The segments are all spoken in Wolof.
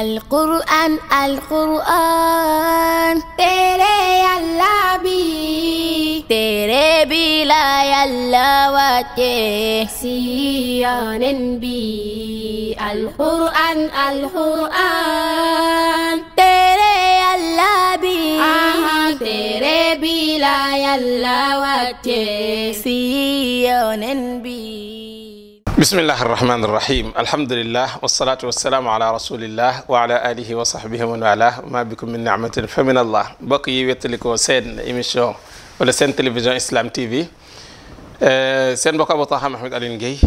القرآن القرآن تيري يلا بي تيري بلا يلا وجه سيان بي القرآن القرآن تيري يلا بي آه تيري بلا يلا وجه سيان بي بسم الله الرحمن الرحيم الحمد لله والصلاة والسلام على رسول الله وعلى آله وصحبه ومن والاه ما بكم من نعمة فمن الله بقي ويتلكو سين إيميشن ولا سين تلفزيون إسلام تي في seen mbokk Abou Taha Mouhamed Alioune Guèye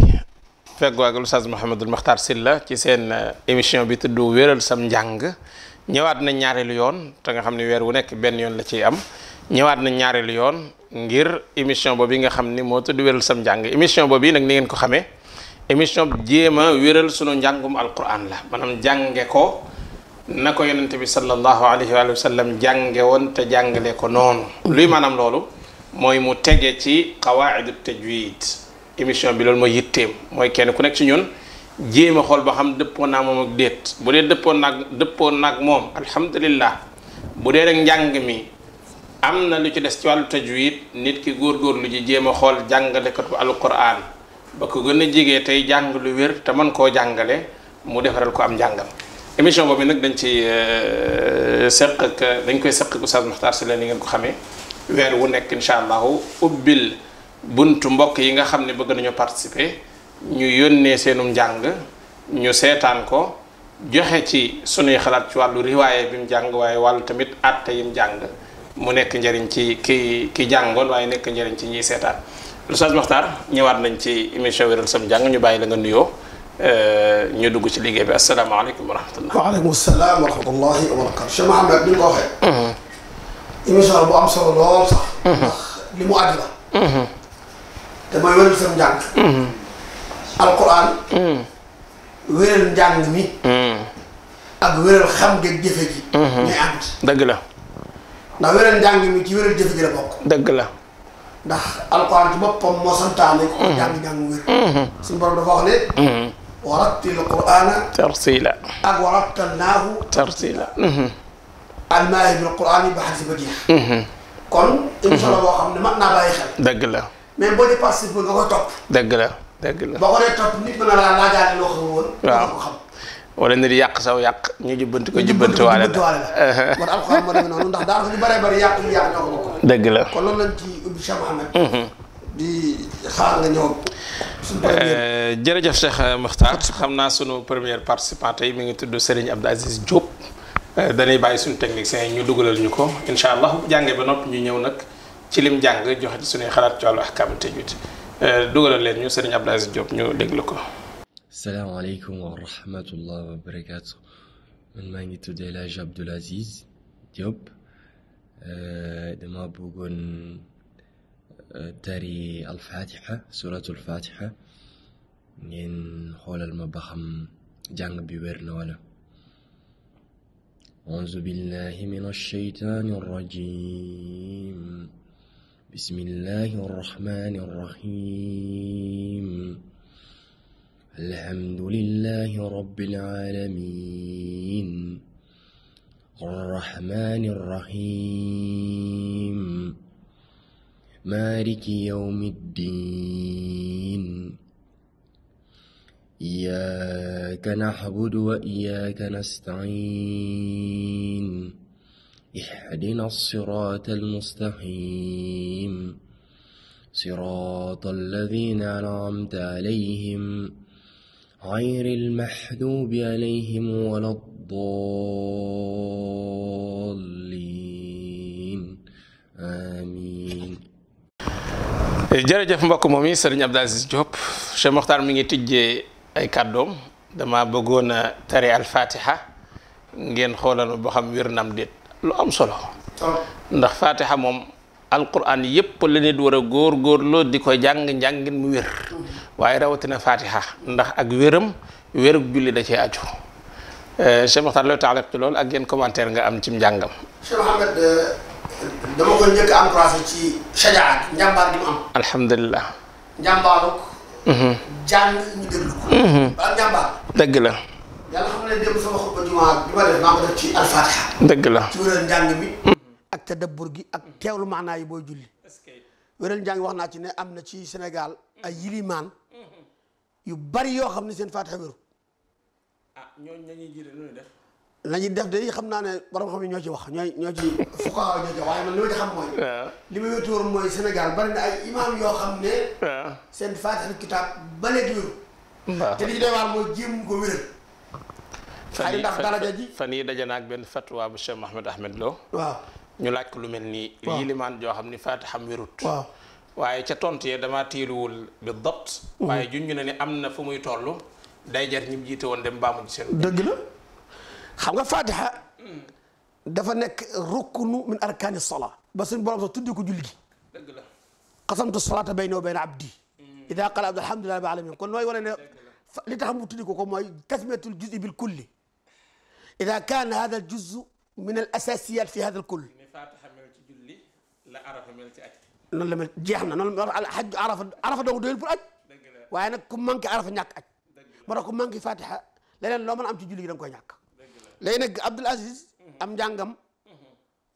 feggoo ak Oustaz Mouhamadul Makhtar Silla ci seen émission bi tudd wéral sam njàng ñëwaat na ñaareelu yoon te nga xam ne weer wu nekk benn yoon la ciy am ñëwaat na ñaareelu yoon ngir émission boobu yi nga xam ni moo tudd wéral sam njàng émission boobu yi nag ni ngeen ko xamee émission jéem a wéral sunu njàngum alquran la maanaam jànge ko na ko yonente bi sallallahu alayhi wa jànge woon te jàngale ko noonu luy maanaam loolu mooy mu tege ci qawaidu tajwid émission bi loolu mooy yitteem mooy kenn ku nekk ci ñun jéem a xool ba xam dëppoon naa moom ak déet bu dee dëppoon naag dëppoon naag moom alhamdulillah bu dee rek njàng mi am na lu ci des ci wàllu tajwid nit ki góor góor lu ji jéem a xool ko bu alquran ba ko gën a jege tey jàng lu wér te mën koo jàngale mu defaral ko am njàngam émission boobu nag dañ ci euh, seq ak dañ koy seq ak Oustaz Makhtar Sylla ni ngeen ko xamee weer wu nekk incha allahu ubbil buntu mbokk yi nga xam ne bëgg nañoo participer ñu yónnee seenum njàng ñu seetaan ko joxe ci sunuy xalaat ci wàllu riwaaye bi mu jàng waaye wàll tamit àtte yi mu jàng mu nekk njëriñ ci ki ki jàngoon waaye nekk njëriñ ci ñiy seetaan Oustaz Makhtar ñëwaat nañ ci émission wéral sam njàng ñu bàyyi la nga nuyoo euh, ñu dugg ci liggéey bi asalaamaaleykum wa rahmatullah. waaleykum salaam wa rahmatullahi wa barakatu. Cheikh Mouhamed ni nga ko waxee. Mhm. émission la bu am solo lool sax. Mhm. ndax li mu àddi la. Mhm. te mooy wéral sam njàng. alquran. wéral njàng mi. ak wéral xam ngeeg jëfe ji. ñooy ànd. dëgg la. ndax wéral njàng mi ci wéral jëfe ji la bokk. dëgg la. ndax alquran ci bopam mo santane ko jang hmm. jang wér hmm. sun borom dafa wax ne hmm. warattil qur'ana tarsila ak warattalnaahu tarsila Al al qur'ani bi xadis ba kon insha allah boo xam ne mat naa xel ya, kan? deug la mais passer bu nga koy topp dëgg la deug la bo ko re top nit mën la laa laajaale loo xam won waaw wala ni yak ya. saw yak ñu jubbanti ko jubbanti wala la jubbanti alquran mo demee non ndax daanaka ñu bari bari yak yak ñoko deug la kon loolu lañ ci Cheikh Mouhamed. di xaar nga ñëw. suñu première jërëjëf Cheikh Makhtar xam naa sunu première participant tey mi ngi tudd Serigne Abdou Aziz Diop. dañuy bàyyi suñu technicien yi ñu dugalal ñu ko incha allah jàngee ba noppi ñu ñëw nag ci lim jàng joxe ci suñuy xalaat ci wàllu ahkaamu tajwiid dugalal leen ñu Serigne Abdou Aziz Diop ñu déglu ko. salaamaaleykum wa rahmatullah wa barakaatu man maa ngi tudd El Hadj Abdoul Aziz Diop dama داري الفاتحة سورة الفاتحة من حول المبخم جانب xam ولا أعوذ بالله من الشيطان الرجيم بسم الله الرحمن الرحيم الحمد لله رب العالمين الرحمن الرحيم مالك يوم الدين إياك نعبد وإياك نستعين اهدنا الصراط المستقيم صراط الذين أنعمت عليهم غير المحدوب عليهم ولا الضالين آمين jërëjëf mbokk moom yi sëriñ Abdou Aziz Diop Cheikh Mokhtar mi ngi tijjee ay kàddoom dama bëggoon a tari alfatiha ngeen xoolal boo xam wér nam déet lu am solo ndax fatiha moom alquran yépp la nit war a góor góorloo di ko jàng njàngin mu wér waaye rawatina fatiha ndax ak wéram wérug julli da cee aju eh, Cheikh Mokhtar looy taxalab ci loolu ak yéen commentaire nga am ci njàngam Cheikh eh, dama ko njëkk a encouragé ci shajaat njàmbaar gi mu am. alhamdulilah. njàmbaaruk. jàng ñu déglu ko. wala njàmbaar. dëgg la. yàlla xam ne dem sama xutba jumaa bi ma def maa ko def ci alfatiha. dëgg la ci wéral njàng mi. ak tadabbur gi ak teewlu maanaa yi booy julli. wéral njàng wax naa ci ne am na ci Sénégal ay yilimaan yu bari yoo xam ne seen fatiha wéru. ah ñooñu nañuy jiite nu def. la def de xam naa ne borom xam ne ñoo ci wax ñooy ñoo ci fukkaaw ñoo waaye man li ma ci xam mooy. li ma yóotu ne. seen faatixal kitaab ba léegi wéru. te li ci ko wéral. fan yii ndax daje naa ak benn fatwa bu Cheikh Mouhamed Ahmed Lo. ñu laaj ko lu mel nii. waaw lii limaan joo xam ni faatixam wérut. waaw waaye ca tontu yee dama tiiluwul bi mm. waaye junj na ni am na fu muy toll. day jar ñi jiite woon dem baamu ci seen. dëgg la. خمغا فاتحه دافا نيك ركن من اركان الصلاه بس بروم تديكو جولغي قسمت الصلاه بيني وبين عبدي اذا قال عبد الحمد لله رب العالمين كون واي ولاني لي تخم تديكو كو موي تسميه الجزء بالكل اذا كان هذا الجزء من الاساسيات في هذا الكل لا عرف ملتي اك جيحنا نون الحاج عرف عرف عرف نياك اك مرا كوم مانكي فاتحه لا léegi nag Abdoul am njàngam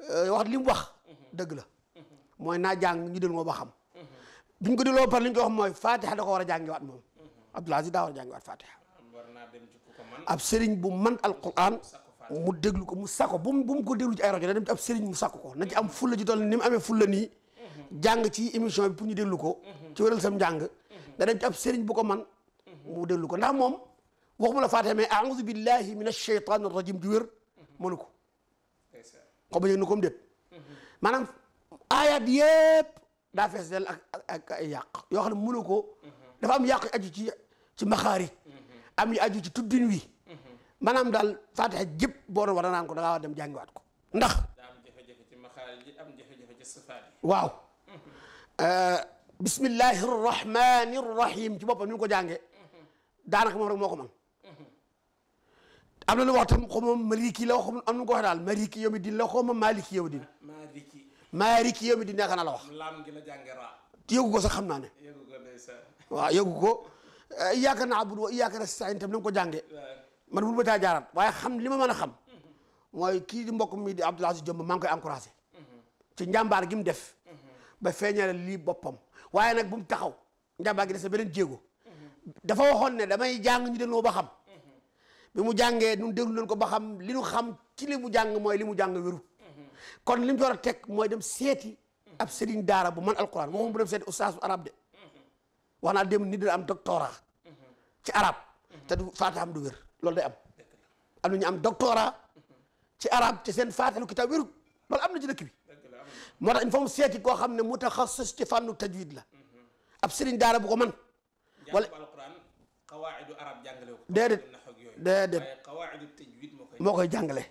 euh, wax li mu wax dëgg la mooy naa jàng ñu dul moo ba xam biñ ko diloo par li ñu ko wax mooy fatiha da ko war a jàngiwaat moom Abdoul Aziz daa war a jàngiwaat fatiha ab sëriñ bu man alquran mu déglu ko mu sako bu mu bu ko déglu ci ay rajo da dem ci ab sëriñ mu sakko ko na ci am fulla ni mu amee fulla nii jàng ci émission bi pour ñu déglu ko ci wéral sam njàng da dem ci ab sëriñ bu ko man mu déglu ko ndax moom وقم لا فاتمه اعوذ بالله من الشيطان الرجيم دوير منكو قوم ينكم ديت مانام ايات ييب دا فسل اك ياق يو خن منكو دا فام ياق اجي تي تي مخاري ام اجي تي تودين وي مانام دال فاتحه جيب بور ورا نانكو دا وا دم جانغي وات كو نخ دام جيفه جيفه تي مخاري ام جيفه جيفه تي صفاري واو آه، بسم الله الرحمن الرحيم تي بوب نكو جانغي دا نك مو رك موكو مان am na lu wax tam xaw ma maliki la wax am na ko wax daal maliki yow mi din la xaw ma maliki yow mi din. maliki. maliki yow din yaakaar naa la wax. laam gi la jàngee ra. yëgu ko sax xam naa ne. yëgu ko ndeysaan. waaw yëgu ko eh, yaakaar naa abud wa yaakaar saa tam na ko jàngee. man bu ma taa jaaraat waaye xam li ma mën a xam. mooy kii di mbokk mi di Abdoulaye Sy Diop maa ngi koy encouragé. Mhm. ci njàmbaar gi mu def. Mhm. ba feeñale lii boppam waaye nag bu mu taxaw njàmbaar gi des na beneen jéego. Mhm. dafa waxoon damay jàng ñu dem xam. bi mu jàngee nu déglu nañ ko ba xam li ñu xam ci li mu jàng mooy li mu jàng wéru kon li mu war a teg mooy dem seeti ab sëriñ daara bu man alquran waxum bu dem seeti ustaas bu arab de wax naa dem nit dina am doctorat ci arab te du faata du wér loolu day am am am doctorat ci arab te seen faatalu kitaab wérut loolu am na ci dëkk bi moo tax il faut seeti koo xam ne mutaxassis ci fànnu tajwid la ab sëriñ daara bu ko man wala xawaayidu arab déedéet waaye qawaa'idu tajwiid moo koy jàngale.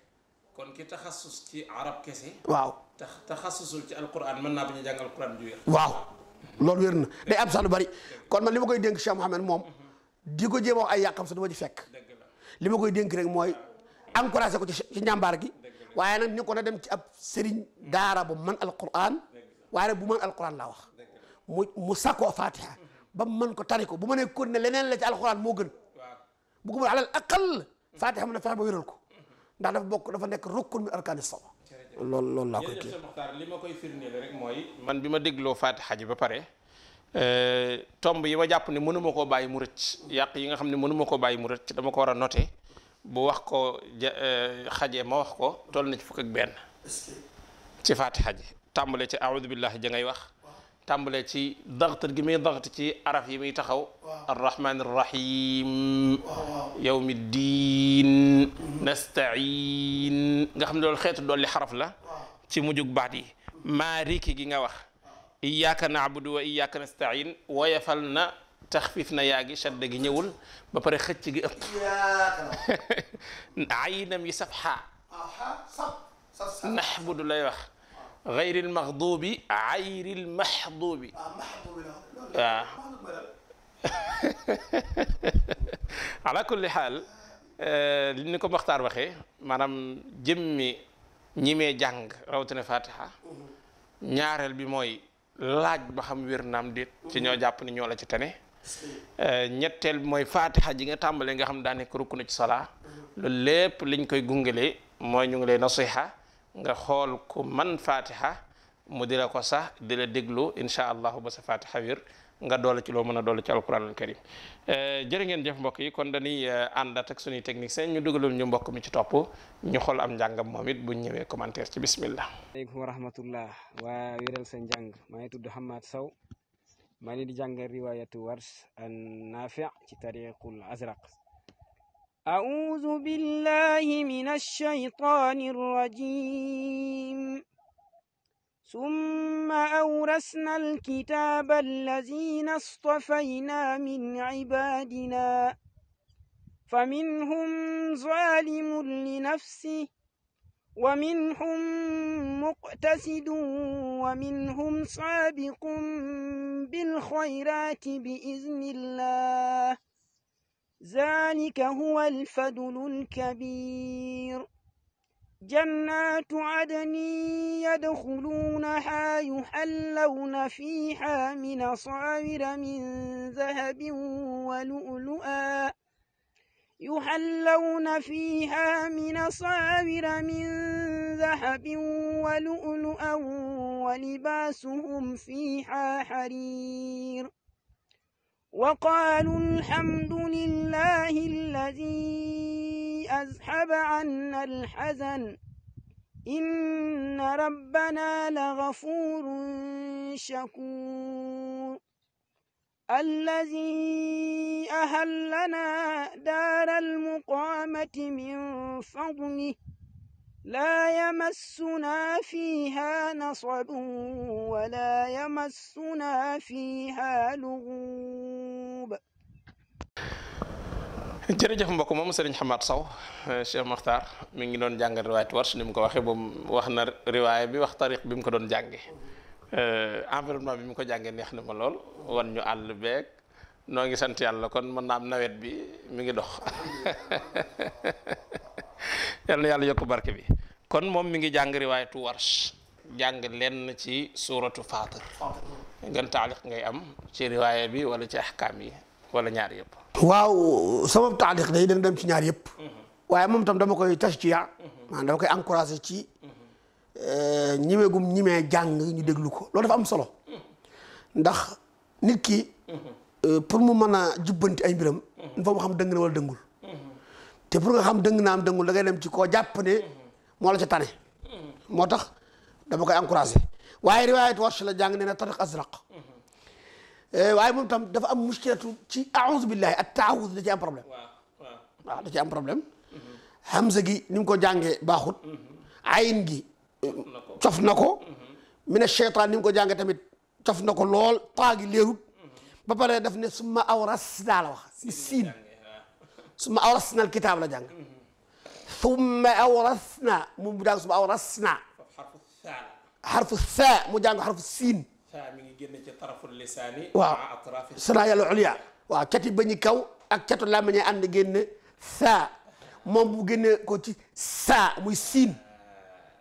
kon ki taxasus ci arab kese. waaw tax taxasusul ci alquran mën naa bañ a jàng alquran ju wér. waaw loolu wér na day am sax lu bari kon man li ma koy dénk Cheikh Mouhamed moom. di ko jéem a wax ay yàqam sax dama ci fekk. li ma koy dénk rek mooy encouragé ko ci ci njàmbaar gi. waaye nag ni ko dem ci ab sëriñ daara bu man alquran. waaye nag bu man alquran laa wax. mu mu sakkoo Fatiha. ba mu mën ko tari ko bu ma nee kon ne leneen la ci alquran moo gën. bu ko mën alal aqal fatiha mën a fexe ba wéral ko ndax dafa bokk dafa nekk rukkun min arkaani sala loolu loolu laa koy kii li ma koy firndeel rek mooy man bi ma dégloo faat ji ba pare euh, tomb yi ma jàpp ne mënuma koo bàyyi mu rëcc yàq yi nga xam ne mënuma koo bàyyi mu rëcc dama ko war a noté bu wax ko ja euh, xajee ma wax ko toll na ci fukk ak benn ci fatiha ji tàmbale ci aoudu billahi ja ngay wax tàmbalee ci daxta gi muy daxt ci araf yi muy taxaw arrahman arrahim yawmi diin nastain nga xam ne loolu xeetu dolli xaraf la ci mujjug baat yi maariki gi nga wax iyaaka naabudu wa iyaaka nastain woyafal na taxfif na yaa gi shadda gi ñëwul ba pare xëcc gi ëpp aynam yi safxa naxbudu lay wax غير المغضوب عير المحضوب آه، آه. على كل حال آه، لنكم مختار بخي مانام جيمي نيمي جانغ روتنا فاتحه نيارل بي موي لاج با خم ويرنام ديت سي نيو جاب ني نيولا سي تاني نيتل موي فاتحه جيغا تامبل ليغا خم داني كروكنا سي صلاه لول ليپ لي نكاي غونغلي موي نيو لي نصيحه nga xol ku man fatiha mu dila ko sax dila deglu déglu incha allahu ba sa fatiha wir nga doole ci lo meuna a ci alquran al karim eh, jere ngeen def mbokk yi kon dañuy andat eh, ak suñuy technique seen ñu dugalul ñu mbokk mi ci top ñu xol am jangam momit bu ñewé commentaire ci bismillah aleykum rahmatullah wa wiral sa jang maa ngi tudd Hamad saw maa ngi di jàngal riwayatu wars an nafi ci tariqul azraq أعوذ بالله من الشيطان الرجيم ثم أورثنا الكتاب الذين اصطفينا من عبادنا فمنهم ظالم لنفسه ومنهم مقتسد ومنهم سابق بالخيرات بإذن الله ذلك هو الفضل الكبير جنات عدن يدخلونها يحلون فيها من صاور من ذهب ولؤلؤا يحلون فيها من صاور من ذهب ولؤلؤا ولباسهم فيها حرير وقالوا الحمد لله الذي أزحب عنا الحزن إن ربنا لغفور شكور الذي أهلنا دار المقامة من فضله لا يمسنا فيها نصب ولا يمسنا فيها لغوب jërëjëf mbokk moom sëriñ Xamaat Saw Cheikh mokhtar mi ngi doon jàng riwaayat Warsh ni mu ko waxee moom wax na riwaaya bi wax tariq bi mu ko doon jànge environnement bi mu ko jànge neex na ma lool wan ñu àll beeg noo ngi sant yàlla kon mën naa am nawet bi mi ngi dox yal yalla yok barke bi kon mom mi ngi jàng riwaayatu warsh jang len ci suratu fatir gën taaliq ngay am ci riwaya bi wala ci ahkam yi wala ñaar yep waaw sama taaliq day dana dem ci ñaar yep waye mom tam dama koy ya man dama koy encourager ci eh, ñimegum ñime jang ñu deglu ko lo dafa am solo ndax nit ki eh, pour mu meuna jubanti ay mbiram dafa xam na wala dengul. te pour nga xam dëng naam dëngul da ngay dem ci koo jàpp ne moo la ca tane moo tax dama koy encouragé waaye riwaayat warsh la jàng nee na tariq azraq eh, waaye moom tam dafa am mushkilatu ci aouzu billahi ak problème waaw da ci am problème hamza gi ni ko jàngee baaxut ayin cof na ko mina cheytaan ni ko jàngee tamit cof na ko lool taa gi léerut uhuh. daf ne summa awras daa si siin ثم أورثنا الكتاب لجان ثم أورثنا مو بدان ثم أورثنا حرف الثاء حرف الثاء مو جانق حرف السين ثاء من يجينا طرف اللساني مع أطراف السرايا العليا وكتب بني كو أكتب لا مني أن جينا ثاء مو بجينا كوتي ثاء مو السين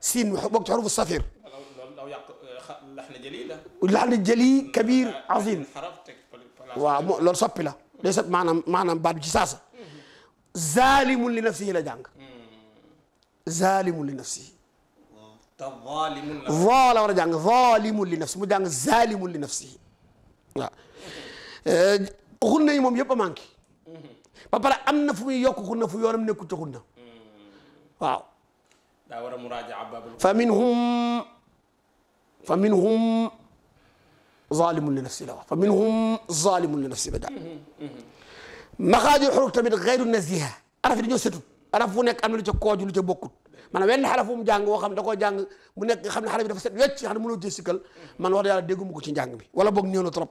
سين وقت حروف الصفير لحن جليلة لحن جليل كبير عظيم حرفتك ولو صبي له ليست معنى معنى بعد جساسه زالم لنفسه لا جانك ظالم لنفسه ظالم ظالم لا جانك ظالم لنفسه مو جانك ظالم لنفسه لا غنى آه، يوم يبقى مانكي بابا امنا في يوكو غنى في يوم نكوت غنى واو فمنهم فمنهم ظالم لنفسه فمنهم ظالم لنفسه بدأ مخادي حروب تمد غير النزيهة عرف الدنيا ستو عرف ونك أمل تكو جل تبكو من وين حرف أم جانغ وخم تكو جانغ منك خم حرف دفسر يتش هذا منو جيسيكل من وراء ديجو مكوتشين جانغ بي ولا بغني أنا طلب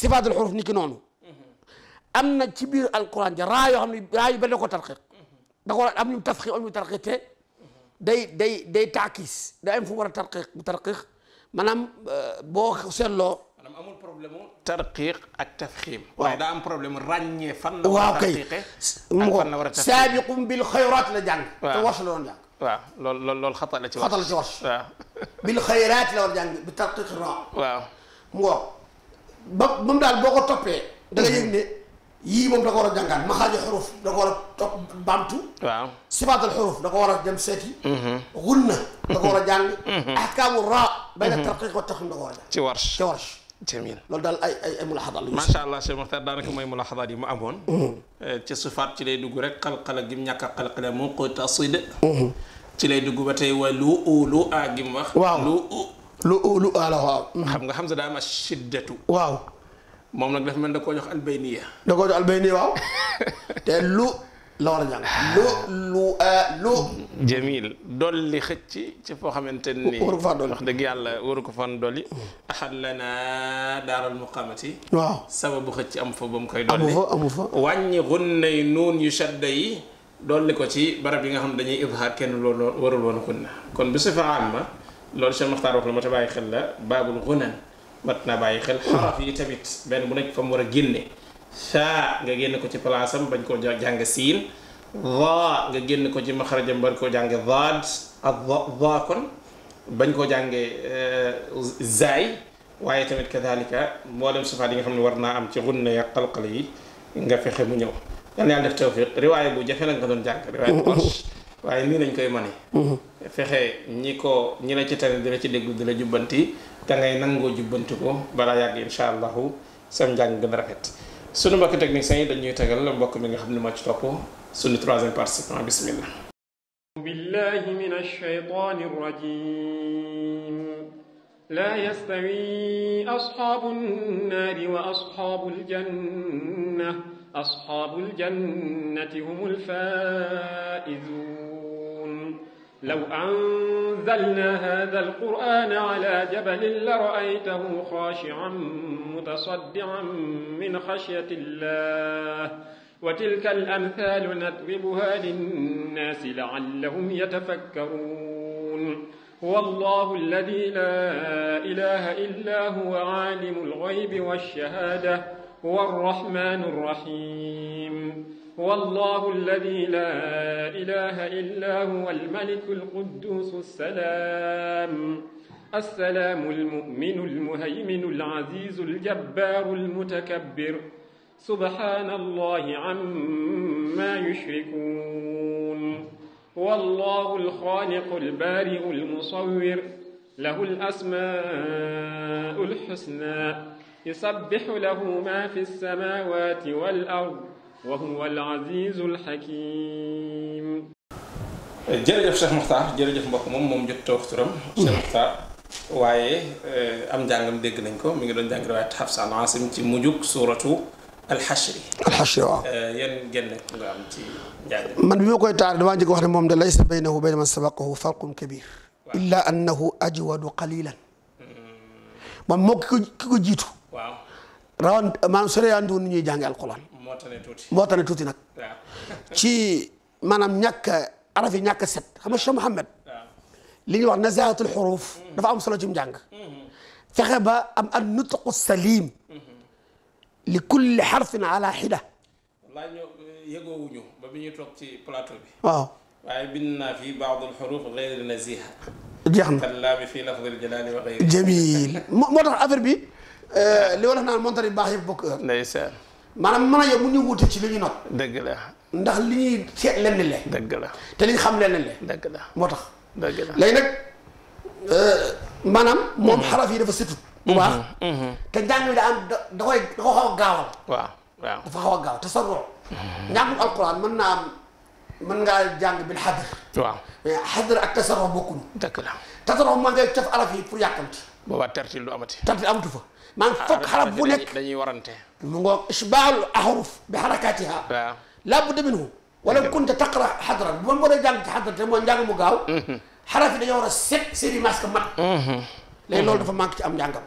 صفات الحروف نيك نونو أم نتبير القرآن جرايو هم رايو بلو كترقيق دكتور أم يتفخي أم يترقيته داي داي داي تعكيس داي فمرة ترقيق مترقيق منام آه، بوخ سلو amul problème tarqiq ak tafxiim. waaye daa am problème ràññee fan. la war a tarqiqe ak fan la war a tarqiqe saabiqum bil xayraat la jàng. waaw te warsh la doon jàng. waaw lool lool lool xata la ci warsh. xata la ci warsh. waaw bil xayraat la war a jàng bi tarqiq ra. waaw mu ngoog ba moom daal boo ko toppee. da nga yëg ne yii moom da ko war a jàngaan maxaaju xuruf da ko war a topp baamtu. waaw sifaatal xuruf da ko war a dem seeti. gunna da ko war a jàng. ahkaamu ra. bayna tarqiq wa tafxiim da ko war a jàng. ci warsh ci warsh. جميل لول دال اي اي ملاحظه ما شاء الله شيخ مختار دا نك موي ملاحظه دي مو امون إيه، تي صفات تي لي دغ رك قلقله جيم نياك قلقله مو كو تصيد تي لي دغ باتاي ولو اولو ا جيم واخ لو لو اولو ا لا واو خم nga حمزه دا ما شدته واو موم نك داف من داكو جوخ البينيه داكو جوخ البينيه واو تي لو لورنيان لو لو ا لو جميل دولي ختي تي فو خامتيني ورك فان دولي دغ يالا ورك فان دولي احل لنا دار المقامه واو سبب ختي ام فو بام كاي دولي ابو فو ابو فو واني غني نون يشدي دولي كو تي برب ييغا خام داني ابهار كين لول ورول وون كون كون بصفه عامه لول شي مختار وخ لما تباي خيل لا باب الغنن متنا باي خيل حرف يتبت بين بنك فم sha nga genn ko ci place am bañ ko jang sin dha nga genn ko ci maxarajam bar koo jang dhad ak dha kon bañ koo jang eh, zaay waye tamit kadalika mboolem sifaat yi nga xamni warna am ci gunna ya qalqali nga fexé mu ñew yalla yalla def tawfiq riwaya bu jafé nag nga doon jang riwaya bu waye ni lañ koy mané fexé ñi ko ñi la ci tane dina ci déglu dina jubanti da ngay nango ko sam jang gën rafet sunu mbokki techniciens yi dañuy tegal mbokk mi nga xam ne moo ci topp sunu troisième participant bismillah بالله من الشيطان الرجيم لا يستوي أصحاب النار وأصحاب الجنة أصحاب الجنة هم الفائزون لو أنزلنا هذا القرآن على جبل لرأيته خاشعا متصدعا من خشية الله وتلك الأمثال نتربها للناس لعلهم يتفكرون هو الله الذي لا إله إلا هو عالم الغيب والشهادة هو الرحمن الرحيم هو الله الذي لا إله إلا هو الملك القدوس السلام السلام المؤمن المهيمن العزيز الجبار المتكبر سبحان الله عما يشركون هو الله الخالق البارئ المصور له الأسماء الحسنى يسبح له ما في السماوات والأرض وهو العزيز الحكيم جرجة شيخ مختار جرجة مبقى مم مم جد توخترم شيخ مختار واي أم جانجم ديك لنكو من جرد جانجر واي تحفص عن عاصم تي موجوك سورة الحشري الحشري واي ين جنة من بيو كوي تعالى دوان جيكو حرم مم ليس بينه وبين من سبقه فرق كبير إلا أنه أجود قليلا من موك كو جيتو واو راوند مام سوري اندو ني جانغال قران moo tane tuuti moo tane tuuti nag. ci maanaam ñàkk araf yi ñàkk a set xam nga Cheikh Mouhamed. li ñuy wax nazaatul xuruuf. dafa am solo ci njàng. fexe ba am an nutqu salim. li kulli xarfin ala xida. wallaahi ñu yëgoowuñu ba bi ñuy toog ci plateau bi. waaw waaye bind naa fi baadul xuruuf gayri naziha. jeex na kallaa bi fii lafdil jalaali wa gayri. jamiil moo tax affaire bi li wala naan montar yu baax yëpp bokk. ndeysaan. manam mana a yow mu ñu wute ci li ñu not dëgg la ndax li ñuy seet lenn le dëgg la te li ñu xam lenn le dëgg la moo tax dëgg la léegi nag maanaam moom xaraf yi dafa sëtut bu baax te njàng da am da koy da ko xaw a gaawal waaw waaw dafa xaw a gaaw te sorroo njàngum alquran mën naa am mën ngaa jàng bil xadar waaw mais xadar ak tasarrof bokkuñu dëgg la tasarrof mën ngay caf araf pour yàkkamti boobaa tartil du amati tartil amatu fa man foog xarab bu nekk dañuy warante mu ngoog isbaalu ahruf bi harakatiha waaw laa budda minhu wala kunta taqra xadran bu ma mën a jàng mu gaaw mhm. xaraf yi dañoo war a set seen i masque mat mhm. léegi loolu dafa manque ci am njàngam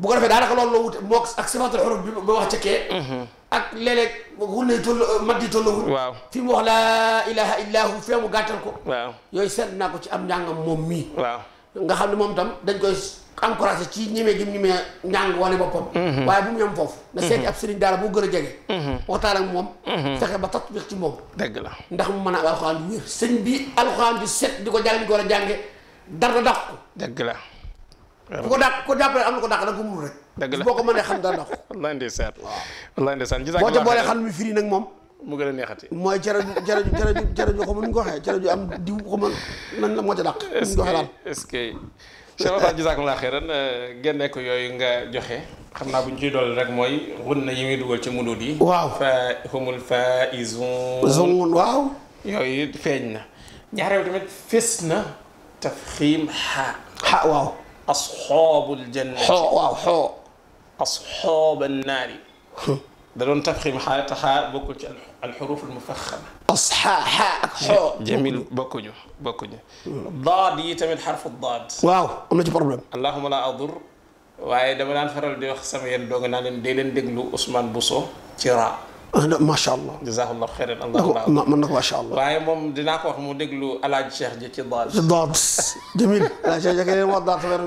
bu ko defee daanaka loolu la wute moo ak sifatul xuruf bi ba wax ca kee mhm. ak léeg-léeg xunne yi toll mat yi tollawul waaw fi mu wax laa ilaha illa hu fee mu gàttal ko waaw yooyu seet naa ko am njàngam moom nga xam ne moom tam dañ koy encouragé ci ñemee gim ñemee njàng wane boppam mhm. waaye bu mu yem foofu na seeti mhm. ab sëriñ daara boo gën a jege mhm. waxtaan ak moom fexe ba tatbiq ci moom dëgg la ndax mu mën a alxuraan bi wér sëñ bi alxuraan bi set di ko jàng ñu ko war a jànge dara dàq ko dëgg la ku ko dàq ko jàppale am na ko dàq da ko mënul rek dëgg la boo ko mënee xam dara dàq ko boo ca boolee xam mi firi nag moom mu gën a neexati. mooy cere cere cere cere ju xamul nu ñu ko waxee cere ju am diw xamul nan la moo ca dàq. est ce que est ce que. Cheikh Oumar jazaakallah xeyran génne ko yooyu nga joxe xam naa bu ñu ciy dolli rek mooy gunna yi muy dugal ci mudud yi. waaw fa humul faizun. zun waaw. yooyu feeñ na ñaareel tamit fés na tafxiim xaa. xaa waaw. asxaabul janna. xoo waaw xoo. asxaaban naari. دلون تفخم حياتها بكو الحروف المفخمة أصحى حاء حو جميل بوكو جو ضاد يتمد حرف الضاد واو أم نجي بروبلم اللهم لا أضر واي دابا نان فرال دي وخ سامي يندوغ نان دي لين بوسو تيرا أنا أه، ما شاء الله جزاه الله خيرا الله ما من ما شاء الله واي موم ديناك وخ مو ديغلو الحاج جي تي ضاد ضاد جميل الحاج شيخ جي مو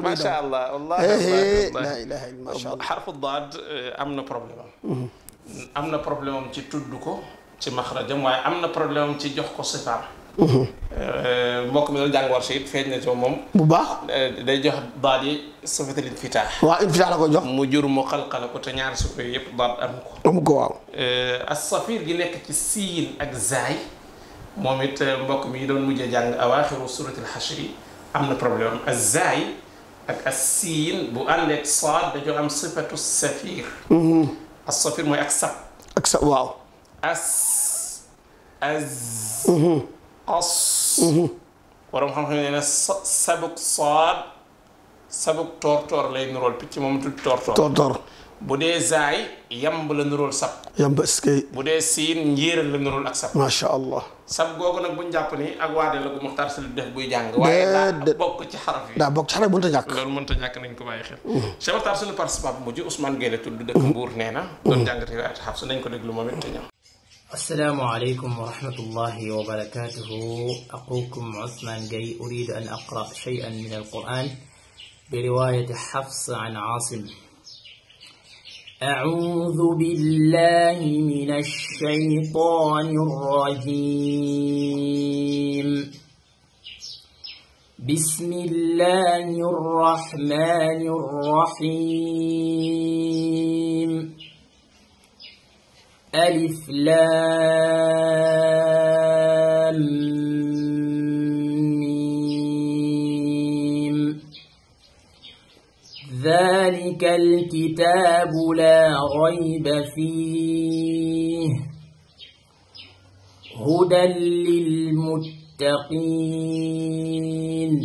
ما شاء الله والله إيه، إيه. لا اله الا ما شاء الله حرف الضاد آه، امنا بروبلم am na problème am ci tudd ko ci maxrajam waaye am na problème am ci jox ko sifaam mbokk mi doon jàngoor si it feeñ na ci moom bu baax day jox daal yi safatal infitaax waaw infitaax la ko jox mu jur mu xalxala ko te ñaari suko yëpp daal amu ko amu ko waaw as safir gi nekk ci siin ak zaay moom it mbokk mi doon mujjee jàng awaaxiru suratil xashri am na problème am as zaay ak as siin bu àndeek saad dañoo am sifatu safir الصفير مو اقسى اقسى واو اس از اص ورم خم خم سبق صار سبق تور تور لين رول بيتي مومنتو تور تور تور bu zay zaay yamb la nurul sap yamb eskay bu dee siin njéeral la nurul ak sab masha allah sap gogo nak buñ jàpp ni ak wadé la gu muxtar sul def buy jang waye da bok ci xaraf yi da bok ci xaraf bu ñak lool mu mënta ñak nañ ko baye xel cheikh uh. muxtar sul participant bu ju ousmane gele tud du dekk mbuur uh. neena na uh. doon jàngati at xaf su nañ ko deglu momit te ñam assalamu alaykum wa rahmatullahi wa وبركاته aqukum عثمان gay أريد an aqra shay'an min alquran بروايه حفص عن عاصم أعوذ بالله من الشيطان الرجيم بسم الله الرحمن الرحيم ألف لام ذلك الكتاب لا ريب فيه هدى للمتقين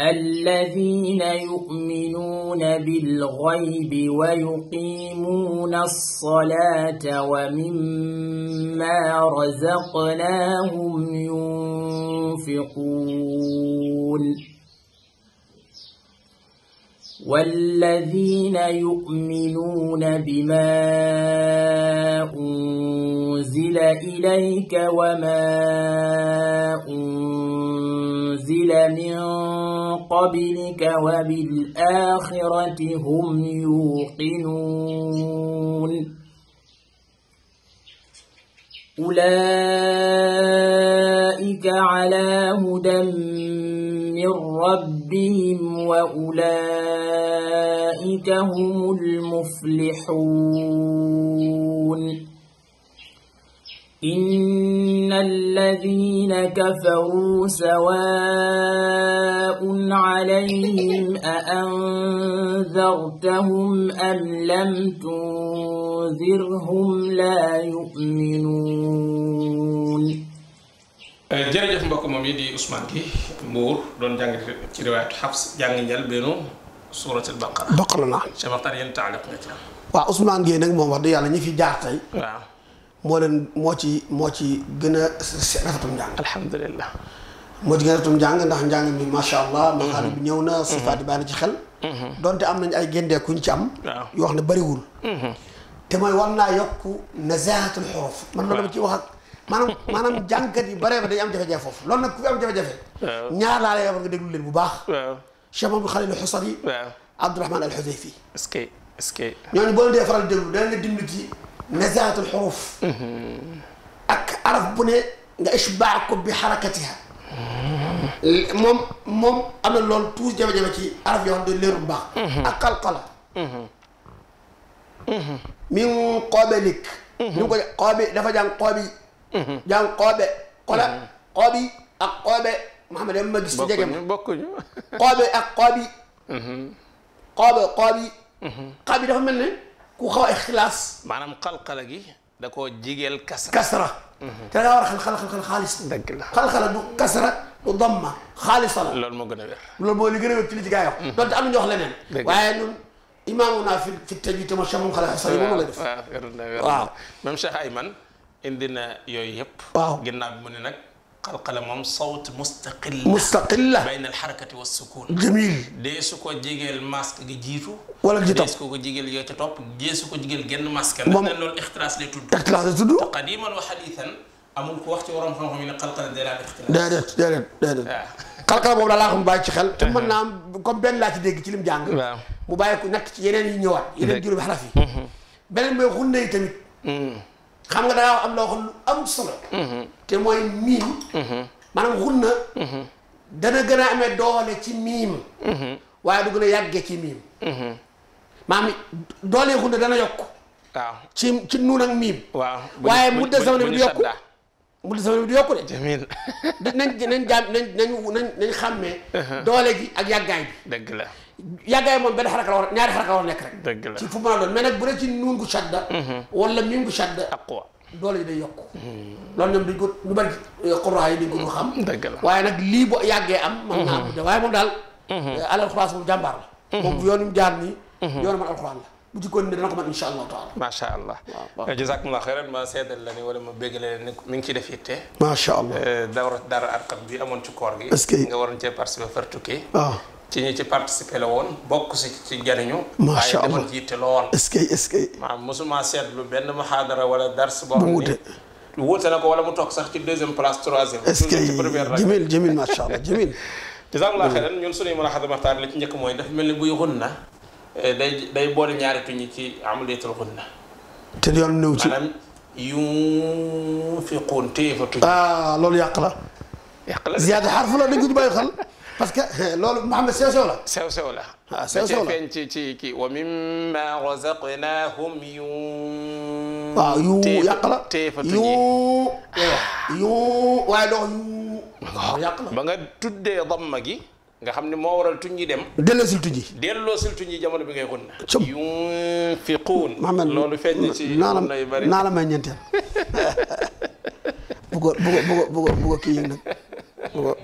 الذين يؤمنون بالغيب ويقيمون الصلاة ومما رزقناهم ينفقون والذين يؤمنون بما أنزل إليك وما أنزل من قبلك وبالآخرة هم يوقنون أولئك على هدى من ربهم وأولئك هم المفلحون إن الذين كفروا سواء عليهم أأنذرتهم أم لم تنذرهم لا يؤمنون jërëjëf mbokk moom yi Mbuur doon jàng ci riwaayatu Xafs jàng njal bennu suuratul baqara. baqara naa Cheikh Maxtar yéen taaliq nga ci am. waaw Ousmane Gueye nag moom wax dëgg yàlla ñi fi jaar tey. moo leen moo ci moo ci gën a rafetum njàng. alhamdulilah. moo ci gën a rafetum njàng ndax njàng mi macha allah. Mhm. maxaal bi ñëw na mhm. sifaat yi bàyyi na ci xel. Mhm. donte am nañ ay géndeekuñ ci am. yoo xam ne bariwul. te mooy war naa yokk nazahatul xuruf man loolu ma ci wax ak. maanaam maanaam jàngkat yu bare ba dañu am jafe-jafe foofu loolu nag ku fi am jafe-jafe ñaar laa lay yebal nga déglu leen bu baax Cheikh Mamadou Khalil Husari Abdourahman al Hudayfi est-ce que est-ce que ñooñu boo leen dee faral déglu dana la dimbali ci nazaatul xuruf ak araf bu ne nga isbaa ko bi xarakatiha moom moom am na loolu tuus jafe-jafe ci araf yoo xam ne leeru bu baax ak qalqala min qabilik ñu ko qaabi dafa jàng qaabi jàng xoobe xola xoobi ak xoobe ma xam ne dama gis ci jege ma bokkuñu xoobe ak xoobi xoobe xoobi xaabi dafa mel ne ku xaw a ixtilaas maanaam xalxala gi da koo jigeel kasra kasra te daa war a xal xal xal xaalis dëgg la xalxala du kasra du damma xaalisa la loolu moo gën a wér loolu moo li gën a wér ci li ci gaa yi wax donte am na ñu indi na yooyu yëpp. waaw ginnaaw bi mu ne nag. qalqala moom sawt mustaqilla. mustaqilla bayna alxarakati wa sukun. jamil deesu ko jigéel masque gi jiitu. wala ji topp deesu ko jigéel yoo ca topp deesu ko jigéel genn masque. moom ndax loolu ixtiraas lay tudd. ixtiraas lay tudd. te qadiman wa xadiisan amul ku wax ci waroon xam-xam yi ne qalqala day laal ixtiraas. déedéet déedéet déedéet. waaw qalqala boobu daal laa xam bàyyi ci xel. te mën naa am comme benn laa ci dégg ci lim jàng. waaw mu bàyyi ko nekk ci yeneen yu ñëwaat. yeneen juróomi xaraf yi. beneen mooy xunne yi tamit xam nga daa am loo xam lu am solo. Mm-hmm. te mooy miim. Mm-hmm. maanaam xunna. Mm-hmm. dana gën a ame doole ci miim. waaye du gën a yàggee ci miim. maanaam doolee xunna dana yokk. ci ci nuun ak miim. waaw waaye mu des sama ne du yokku mu des sama ne du yokku de. jamiil nañ nañ jaam nañ nañ nañ uh-huh. doole ji ak yàggaay bi. dëgg la. yàggaay moom benn xaraka la war ñaari xaraka la war nekk rek. dëgg la ci fu mu mën a doon mais nag bu dee ci nuun gu shadda. Mhm. wala miim gu shadda. aqwa doole yi day yokku. Mhm. loolu ñoom dañ ko lu bari xuraa eh, yi dañ ko du xam. dëgg la waaye nag lii boo yàggee am. mën mhm. naa am waaye moom daal. Eh, alal xuraas moom jàmbaar la. moom bu yoon mu jaar nii. yoonu man alxuraan la. bu ci continué dana ko mën incha allahu taala. macha allah waaw eh, jazakumullah xayran ma seedal la ni wala ma bégale la ni mi ngi ciy def yitte. macha allah dawra dara arqam bi amoon ci koor gi. est-ce que nga waroon cee participer far tukki. waaw ah. ci ñi ci participer la woon bokk si ci jariñu macha allah waaye jiite la woon est-ce que est-ce que maanaam mosuma seetlu benn muhaadara wala dars boo xam ne wuute na ko wala mu toog sax ci deuxième place troisième est-ce que ci première rang jamil jamil macha allah jamil jazakumullah xeyran ñun suñuy mulaaxada maxtaar li ci njëkk mooy dafa mel ni buy xun na day day boole ñaari tuñi ci amaliyatul xun na te yoon néew ci maanaam yunfiquun téye fa tuñ ah loolu yàq la yàq la ziyaada xarfu la dañ ko bàyyi xel parce que loolu Mouhamed sew sew la. sew sew la. ah sew sew la da ci kii wa mimma razaqnahum yuu. waaw yuu yàq waaye doo yuu. yàq ba nga tuddee damma gi. nga xam ni moo waral tuñ yi dem. delloosil tuñ yi. delloosil tuñ yi jamono bi ngay xun. cëb yunfiquun. Mouhamed loolu feeñ ci naan naa la may ñeenteel. kii nag bu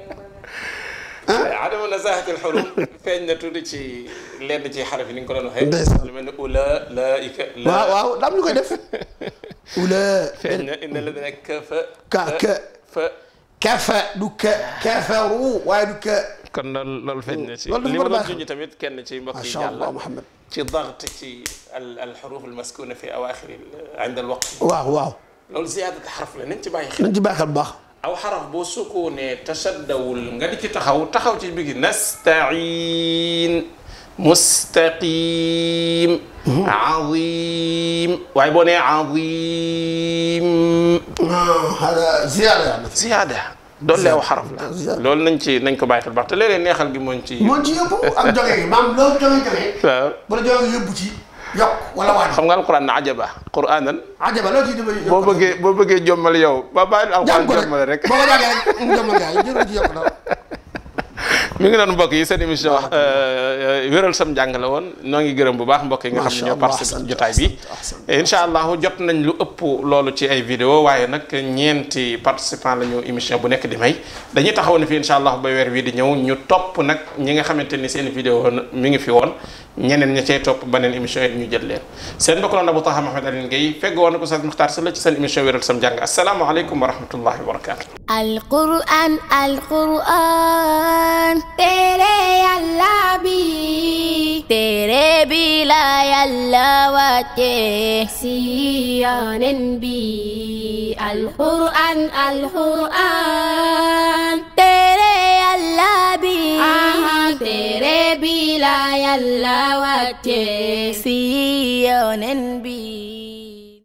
عدم نزاهة الحروف فإن تودي شيء لين شيء حرف نين كنا نهيه بس من أولى لا إك لا واو لم نقول ده أولى فإن إن لدينا كفا ك ك ف كف دك كفرو وين دك كنا لفين شيء اللي مرة جوني تميت كان شيء ما شاء الله محمد شيء ضغط شيء الحروف المسكونة في أواخر عند الوقت واو واو لو زيادة حرف لنجبا يخل نجبا يخل باخ أو حرف بوسكون تشدوا غادي كي تخاو تخاو تجيبك نستعين مستقيم عظيم وعيبوني عظيم آه، هذا زيادة يعني زيادة دول لي حرف لول نانتي نانكو بايت البارت لي نيخال كي مونتي مونتي يبو ام جوغي مام لو جوغي جوغي بول جوغي يبو yokk wala xam nga alquran na ajaba quranan. ajaba loo ciy déglu boo bëggee boo bëggee jommal yow. ba bàyyi alquran jommal rek boo mu ngi doon mbokk yi seen émission wax euh, wéral sam njàng la woon noo ngi gërëm bu baax mbokk yi nga xam ne ñoo participé jotaay bi incha allah jot nañ lu ëpp loolu ci ay vidéo waaye nag ñeenti participant lañu ñu émission bu nekk di may dañuy taxaw ne fi incha allahu ba weer wii di ñëw ñu topp nag ñi nga xamante ni seen vidéo mi ngi fi woon ñeneen ñi cey top benen émission yi ñu jël leen seen na Abou Taha mohammed Alioune Guèye fegg won ko sax muxtar Sylla ci seen émission wéral sam jàng alaykum wa rahmatullahi wa barakaatu al qur'an téere yàlla bi tere bi la yàlla wàcce si yonen bi alquran alquran téere yàlla bi tere bi la yàlla gaawate si yonen bi